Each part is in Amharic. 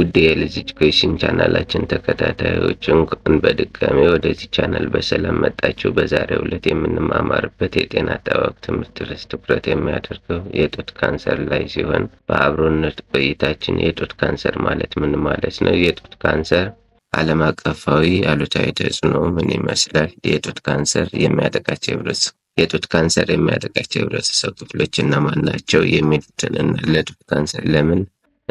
ውድ የልጅ ኤጁኬሽን ቻናላችን ተከታታዮች እንኳን በድጋሚ ወደዚህ ቻናል በሰላም መጣችሁ። በዛሬው ዕለት የምንማማርበት የጤና አጠባበቅ ትምህርት ርዕስ ትኩረት የሚያደርገው የጡት ካንሰር ላይ ሲሆን በአብሮነት ቆይታችን የጡት ካንሰር ማለት ምን ማለት ነው? የጡት ካንሰር ዓለም አቀፋዊ አሉታዊ ተጽዕኖ ምን ይመስላል? የጡት ካንሰር የሚያጠቃቸው ህብረተሰብ የጡት ካንሰር የሚያጠቃቸው ህብረተሰብ ክፍሎች እነማን ናቸው? የሚሉትን እና ለጡት ካንሰር ለምን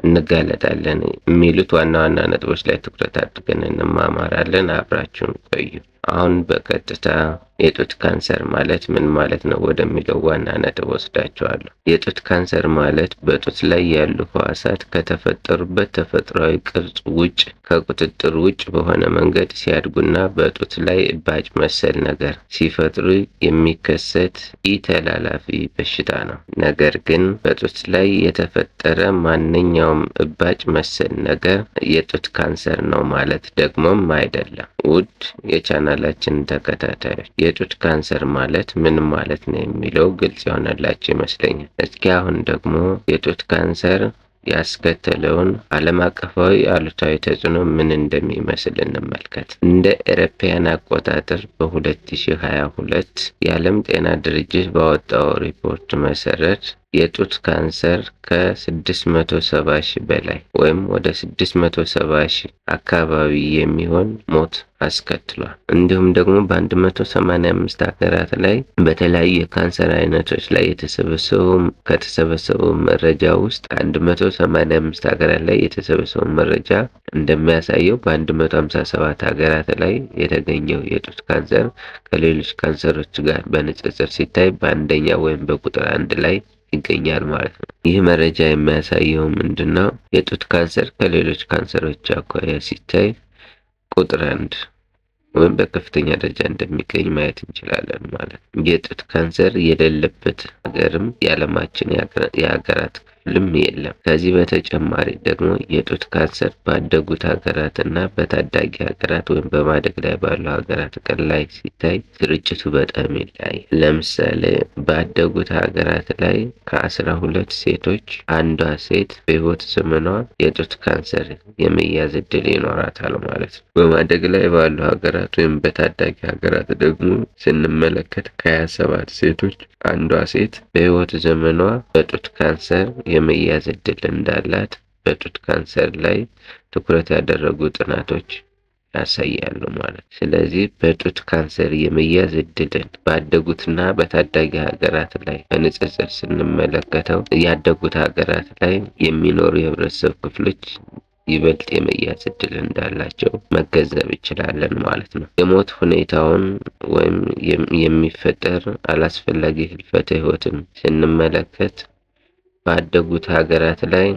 እንጋለጣለን የሚሉት ዋና ዋና ነጥቦች ላይ ትኩረት አድርገን እንማማራለን። አብራችሁን ቆዩ። አሁን በቀጥታ የጡት ካንሰር ማለት ምን ማለት ነው ወደሚለው ዋና ነጥብ ወስዳቸዋለሁ። የጡት ካንሰር ማለት በጡት ላይ ያሉ ህዋሳት ከተፈጠሩበት ተፈጥሯዊ ቅርጽ ውጭ ከቁጥጥር ውጭ በሆነ መንገድ ሲያድጉና በጡት ላይ እባጭ መሰል ነገር ሲፈጥሩ የሚከሰት ኢተላላፊ በሽታ ነው። ነገር ግን በጡት ላይ የተፈጠረ ማንኛውም እባጭ መሰል ነገር የጡት ካንሰር ነው ማለት ደግሞም አይደለም። ውድ የቻናላችን ተከታታዮች የጡት ካንሰር ማለት ምን ማለት ነው የሚለው ግልጽ የሆነላቸው ይመስለኛል። እስኪ አሁን ደግሞ የጡት ካንሰር ያስከተለውን ዓለም አቀፋዊ አሉታዊ ተጽዕኖ ምን እንደሚመስል እንመልከት። እንደ ኤሮፓያን አቆጣጠር በ2022 የዓለም ጤና ድርጅት ባወጣው ሪፖርት መሰረት የጡት ካንሰር ከ670 ሺህ በላይ ወይም ወደ 670 ሺህ አካባቢ የሚሆን ሞት አስከትሏል። እንዲሁም ደግሞ በ185 ሀገራት ላይ በተለያዩ የካንሰር አይነቶች ላይ የተሰበሰቡ ከተሰበሰቡ መረጃ ውስጥ 185 ሀገራት ላይ የተሰበሰቡ መረጃ እንደሚያሳየው በ157 ሀገራት ላይ የተገኘው የጡት ካንሰር ከሌሎች ካንሰሮች ጋር በንጽጽር ሲታይ በአንደኛ ወይም በቁጥር አንድ ላይ ይገኛል ማለት ነው። ይህ መረጃ የሚያሳየው ምንድን ነው? የጡት ካንሰር ከሌሎች ካንሰሮች አኳያ ሲታይ ቁጥር አንድ ወይም በከፍተኛ ደረጃ እንደሚገኝ ማየት እንችላለን ማለት ነው። የጡት ካንሰር የሌለበት ሀገርም የዓለማችን የሀገራት ክፍልም የለም። ከዚህ በተጨማሪ ደግሞ የጡት ካንሰር ባደጉት ሀገራት እና በታዳጊ ሀገራት ወይም በማደግ ላይ ባሉ ሀገራት ላይ ሲታይ ስርጭቱ በጣም ይለያል። ለምሳሌ ባደጉት ሀገራት ላይ ከአስራ ሁለት ሴቶች አንዷ ሴት በህይወት ዘመኗ የጡት ካንሰር የመያዝ እድል ይኖራታል ማለት ነው። በማደግ ላይ ባሉ ሀገራት ወይም በታዳጊ ሀገራት ደግሞ ስንመለከት ከሀያ ሰባት ሴቶች አንዷ ሴት በህይወት ዘመኗ በጡት ካንሰር የመያዝ እድል እንዳላት በጡት ካንሰር ላይ ትኩረት ያደረጉ ጥናቶች ያሳያሉ ማለት። ስለዚህ በጡት ካንሰር የመያዝ እድልን ባደጉትና በታዳጊ ሀገራት ላይ በንጽጽር ስንመለከተው ያደጉት ሀገራት ላይ የሚኖሩ የህብረተሰብ ክፍሎች ይበልጥ የመያዝ እድል እንዳላቸው መገንዘብ ይችላለን ማለት ነው። የሞት ሁኔታውን ወይም የሚፈጠር አላስፈላጊ ህልፈተ ህይወትን ስንመለከት ባደጉት ሀገራት ላይ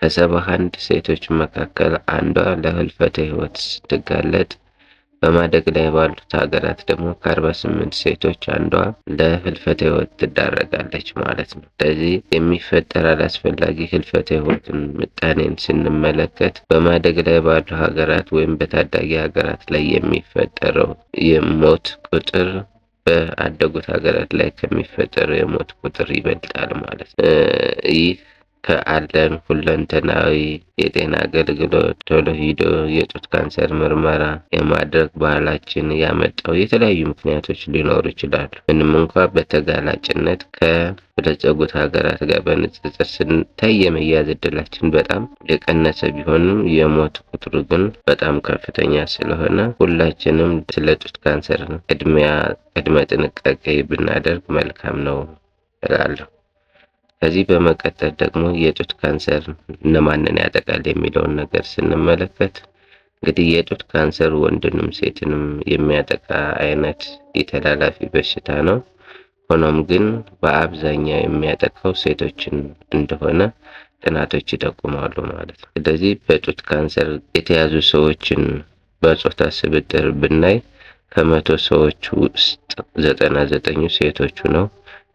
ከሰባ አንድ ሴቶች መካከል አንዷ ለህልፈተ ህይወት ስትጋለጥ በማደግ ላይ ባሉት ሀገራት ደግሞ ከ48 ሴቶች አንዷ ለህልፈተ ህይወት ትዳረጋለች ማለት ነው። ስለዚህ የሚፈጠር አላስፈላጊ ህልፈተ ህይወትን ምጣኔን ስንመለከት በማደግ ላይ ባሉ ሀገራት ወይም በታዳጊ ሀገራት ላይ የሚፈጠረው የሞት ቁጥር በአደጉት ሀገራት ላይ ከሚፈጠረው የሞት ቁጥር ይበልጣል ማለት ነው። ይህ ከዓለም ሁለንተናዊ የጤና አገልግሎት ቶሎ ሂዶ የጡት ካንሰር ምርመራ የማድረግ ባህላችን ያመጣው የተለያዩ ምክንያቶች ሊኖሩ ይችላሉ። ምንም እንኳ በተጋላጭነት ከበለጸጉት ሀገራት ጋር በንጽጽር ስንታይ የመያዝ እድላችን በጣም የቀነሰ ቢሆንም የሞት ቁጥሩ ግን በጣም ከፍተኛ ስለሆነ ሁላችንም ስለ ጡት ካንሰር ቅድሚያ ቅድመ ጥንቃቄ ብናደርግ መልካም ነው እላለሁ። ከዚህ በመቀጠል ደግሞ የጡት ካንሰር እነማንን ያጠቃል የሚለውን ነገር ስንመለከት እንግዲህ የጡት ካንሰር ወንድንም ሴትንም የሚያጠቃ አይነት የተላላፊ በሽታ ነው። ሆኖም ግን በአብዛኛው የሚያጠቃው ሴቶችን እንደሆነ ጥናቶች ይጠቁማሉ ማለት ነው። ስለዚህ በጡት ካንሰር የተያዙ ሰዎችን በጾታ ስብጥር ብናይ ከመቶ ሰዎች ውስጥ ዘጠና ዘጠኙ ሴቶቹ ነው።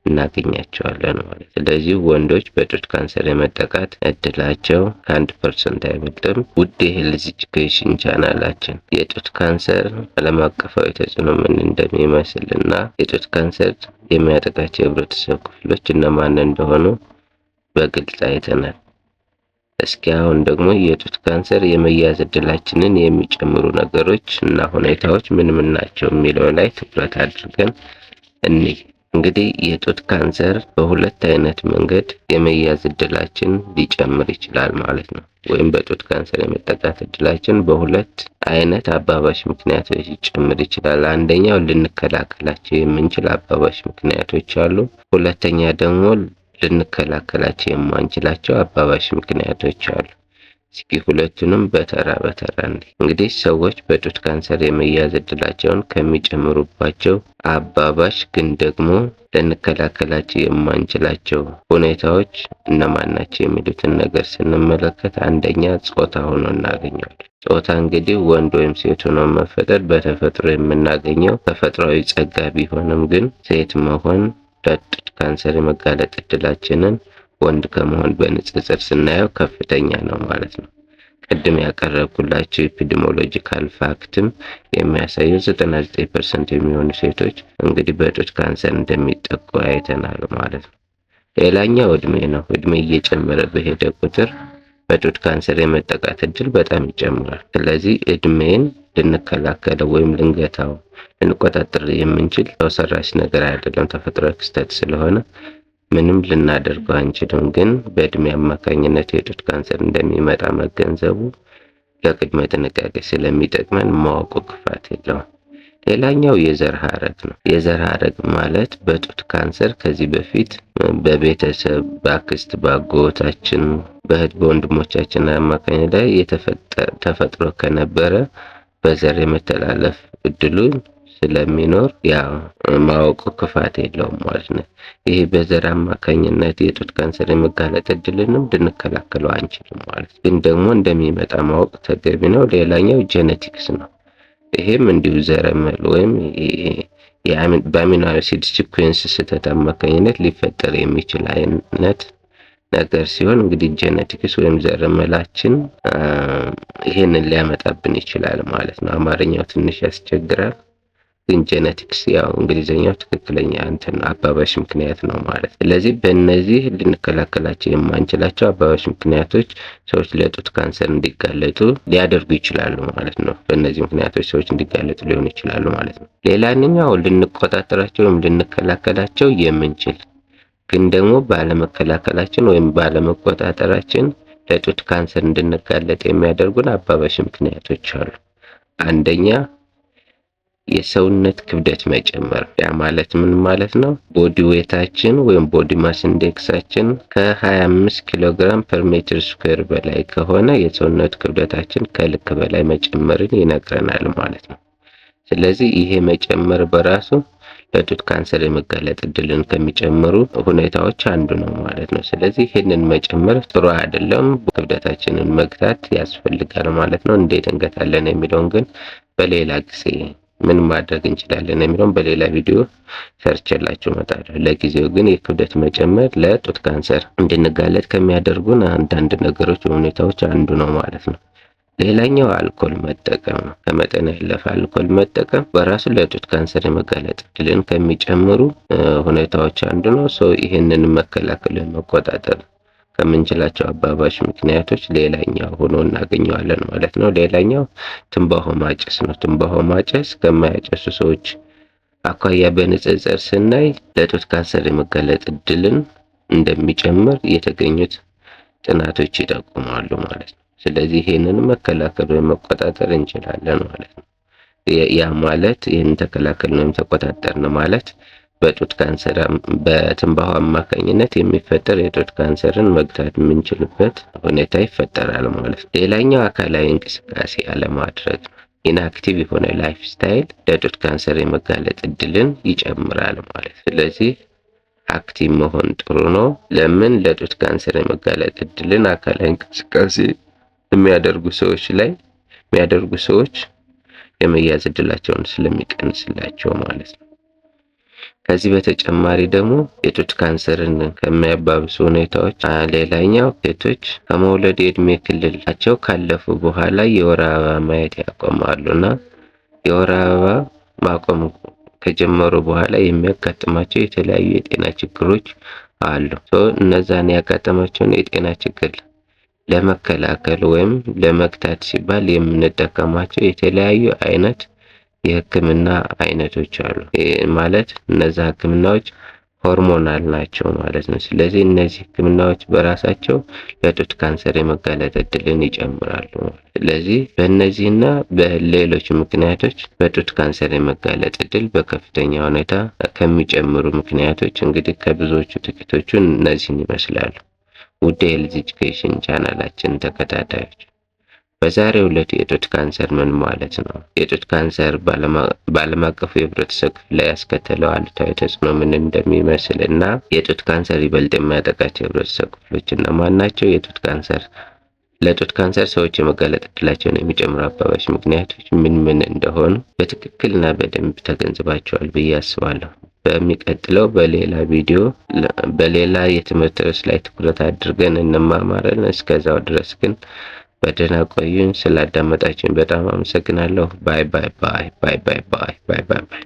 እናገኛቸዋለን ማለት። ስለዚህ ወንዶች በጡት ካንሰር የመጠቃት እድላቸው ከአንድ ፐርሰንት አይበልጥም። ውድ የሄልዝ ኤጁኬሽን ቻናላችን የጡት ካንሰር ዓለም አቀፋዊ ተጽዕኖ ምን እንደሚመስል እና የጡት ካንሰር የሚያጠቃቸው የህብረተሰብ ክፍሎች እነማን እንደሆኑ በግልጽ አይተናል። እስኪ አሁን ደግሞ የጡት ካንሰር የመያዝ እድላችንን የሚጨምሩ ነገሮች እና ሁኔታዎች ምን ምን ናቸው የሚለው ላይ ትኩረት አድርገን እንይ። እንግዲህ የጡት ካንሰር በሁለት አይነት መንገድ የመያዝ እድላችን ሊጨምር ይችላል ማለት ነው። ወይም በጡት ካንሰር የመጠቃት እድላችን በሁለት አይነት አባባሽ ምክንያቶች ሊጨምር ይችላል። አንደኛው ልንከላከላቸው የምንችል አባባሽ ምክንያቶች አሉ። ሁለተኛ ደግሞ ልንከላከላቸው የማንችላቸው አባባሽ ምክንያቶች አሉ። እስኪ ሁለቱንም በተራ በተራ እንዲ እንግዲህ ሰዎች በጡት ካንሰር የመያዝ እድላቸውን ከሚጨምሩባቸው አባባሽ ግን ደግሞ ልንከላከላቸው የማንችላቸው ሁኔታዎች እነማን ናቸው የሚሉትን ነገር ስንመለከት አንደኛ ጾታ ሆኖ እናገኘዋለን። ጾታ እንግዲህ ወንድ ወይም ሴት ሆኖ መፈጠር በተፈጥሮ የምናገኘው ተፈጥሯዊ ጸጋ ቢሆንም ግን ሴት መሆን ለጡት ካንሰር የመጋለጥ እድላችንን ወንድ ከመሆን በንጽጽር ስናየው ከፍተኛ ነው ማለት ነው። ቅድም ያቀረብኩላቸው ኢፒዲሞሎጂካል ፋክትም የሚያሳየው 99 ፐርሰንት የሚሆኑ ሴቶች እንግዲህ በጡት ካንሰር እንደሚጠቁ አይተናል ማለት ነው። ሌላኛው እድሜ ነው። እድሜ እየጨመረ በሄደ ቁጥር በጡት ካንሰር የመጠቃት እድል በጣም ይጨምራል። ስለዚህ እድሜን ልንከላከለው ወይም ልንገታው ልንቆጣጠር የምንችል ሰው ሰራሽ ነገር አይደለም፣ ተፈጥሮ ክስተት ስለሆነ ምንም ልናደርገው አንችልም፣ ግን በእድሜ አማካኝነት የጡት ካንሰር እንደሚመጣ መገንዘቡ ለቅድመ ጥንቃቄ ስለሚጠቅመን ማወቁ ክፋት የለውም። ሌላኛው የዘር ሐረግ ነው። የዘር ሐረግ ማለት በጡት ካንሰር ከዚህ በፊት በቤተሰብ በአክስት፣ በአጎታችን፣ በእህት በወንድሞቻችን አማካኝ ላይ ተፈጥሮ ከነበረ በዘር የመተላለፍ እድሉን ስለሚኖር ያ ማወቁ ክፋት የለውም ማለት ነው። ይሄ በዘር አማካኝነት የጡት ካንሰር የመጋለጥ እድልንም ልንከላከለው አንችልም ማለት ግን ደግሞ እንደሚመጣ ማወቅ ተገቢ ነው። ሌላኛው ጄኔቲክስ ነው። ይሄም እንዲሁ ዘረመል ወይም በአሚኖ አሲድ ሲኩዌንስ ስህተት አማካኝነት ሊፈጠር የሚችል አይነት ነገር ሲሆን እንግዲህ ጄኔቲክስ ወይም ዘረመላችን ይህንን ሊያመጣብን ይችላል ማለት ነው። አማርኛው ትንሽ ያስቸግራል። ግን ጄኔቲክስ ያው እንግሊዝኛው ትክክለኛ እንትን አባባሽ ምክንያት ነው ማለት። ስለዚህ በእነዚህ ልንከላከላቸው የማንችላቸው አባባሽ ምክንያቶች ሰዎች ለጡት ካንሰር እንዲጋለጡ ሊያደርጉ ይችላሉ ማለት ነው። በእነዚህ ምክንያቶች ሰዎች እንዲጋለጡ ሊሆኑ ይችላሉ ማለት ነው። ሌላኛው ልንቆጣጠራቸው ወይም ልንከላከላቸው የምንችል ግን ደግሞ ባለመከላከላችን ወይም ባለመቆጣጠራችን ለጡት ካንሰር እንድንጋለጥ የሚያደርጉን አባባሽ ምክንያቶች አሉ። አንደኛ የሰውነት ክብደት መጨመር። ያ ማለት ምን ማለት ነው? ቦዲ ዌታችን ወይም ቦዲ ማስ ኢንዴክሳችን ከ25 ኪሎ ግራም ፐር ሜትር ስኩዌር በላይ ከሆነ የሰውነት ክብደታችን ከልክ በላይ መጨመርን ይነግረናል ማለት ነው። ስለዚህ ይሄ መጨመር በራሱ ለጡት ካንሰር የመጋለጥ እድልን ከሚጨምሩ ሁኔታዎች አንዱ ነው ማለት ነው። ስለዚህ ይህንን መጨመር ጥሩ አይደለም። ክብደታችንን መግታት ያስፈልጋል ማለት ነው። እንዴት እንገታለን የሚለውን ግን በሌላ ጊዜ ምን ማድረግ እንችላለን የሚለውን በሌላ ቪዲዮ ሰርችላችሁ እመጣለሁ። ለጊዜው ግን የክብደት መጨመር ለጡት ካንሰር እንድንጋለጥ ከሚያደርጉን አንዳንድ ነገሮች ሁኔታዎች አንዱ ነው ማለት ነው። ሌላኛው አልኮል መጠቀም ነው። ከመጠን ያለፈ አልኮል መጠቀም በራሱ ለጡት ካንሰር የመጋለጥ እድልን ከሚጨምሩ ሁኔታዎች አንዱ ነው። ሰው ይህንን መከላከል መቆጣጠር ከምንችላቸው አባባሽ ምክንያቶች ሌላኛው ሆኖ እናገኘዋለን ማለት ነው። ሌላኛው ትንባሆ ማጨስ ነው። ትንባሆ ማጨስ ከማያጨሱ ሰዎች አኳያ በንጽጽር ስናይ ለጡት ካንሰር የመጋለጥ እድልን እንደሚጨምር የተገኙት ጥናቶች ይጠቁማሉ ማለት ነው። ስለዚህ ይህንን መከላከል ወይም መቆጣጠር እንችላለን ማለት ነው። ያ ማለት ይህን ተከላከልን ወይም ተቆጣጠርን ማለት በጡት ካንሰር በትንባሆ አማካኝነት የሚፈጠር የጡት ካንሰርን መግታት የምንችልበት ሁኔታ ይፈጠራል ማለት ነው። ሌላኛው አካላዊ እንቅስቃሴ አለማድረግ ነው። ኢንአክቲቭ የሆነ ላይፍ ስታይል ለጡት ካንሰር የመጋለጥ እድልን ይጨምራል ማለት ስለዚህ አክቲቭ መሆን ጥሩ ነው። ለምን ለጡት ካንሰር የመጋለጥ እድልን አካላዊ እንቅስቃሴ የሚያደርጉ ሰዎች ላይ የሚያደርጉ ሰዎች የመያዝ እድላቸውን ስለሚቀንስላቸው ማለት ነው። ከዚህ በተጨማሪ ደግሞ ሴቶች ካንሰርን ከሚያባብሱ ሁኔታዎች ሌላኛው ሴቶች ከመውለድ የእድሜ ክልላቸው ካለፉ በኋላ የወር አበባ ማየት ያቆማሉና የወር አበባ ማቆም ከጀመሩ በኋላ የሚያጋጥማቸው የተለያዩ የጤና ችግሮች አሉ። እነዛን ያጋጠማቸውን የጤና ችግር ለመከላከል ወይም ለመግታት ሲባል የምንጠቀማቸው የተለያዩ አይነት የህክምና አይነቶች አሉ። ማለት እነዛ ህክምናዎች ሆርሞናል ናቸው ማለት ነው። ስለዚህ እነዚህ ህክምናዎች በራሳቸው ለጡት ካንሰር የመጋለጥ እድልን ይጨምራሉ። ስለዚህ በእነዚህና በሌሎች ምክንያቶች በጡት ካንሰር የመጋለጥ እድል በከፍተኛ ሁኔታ ከሚጨምሩ ምክንያቶች እንግዲህ ከብዙዎቹ ጥቂቶቹን እነዚህን ይመስላሉ። ውድ የልጅ ኤጁኬሽን ቻናላችን ተከታታዮች በዛሬው ዕለት የጡት ካንሰር ምን ማለት ነው? የጡት ካንሰር በዓለም አቀፉ የህብረተሰብ ክፍል ላይ ያስከተለው አሉታዊ ተጽዕኖ ምን እንደሚመስል እና የጡት ካንሰር ይበልጥ የሚያጠቃቸው የህብረተሰብ ክፍሎች እነማን ናቸው? የጡት ካንሰር ለጡት ካንሰር ሰዎች የመጋለጥ እድላቸውን የሚጨምሩ አባባሽ ምክንያቶች ምን ምን እንደሆኑ በትክክልና በደንብ ተገንዝባቸዋል ብዬ አስባለሁ። በሚቀጥለው በሌላ ቪዲዮ በሌላ የትምህርት ርዕስ ላይ ትኩረት አድርገን እንማማረን። እስከዛው ድረስ ግን በደህና ቆዩኝ። ስላዳመጣችሁኝ በጣም አመሰግናለሁ። ባይ ባይ ባይ ባይ ባይ ባይ ባይ ባይ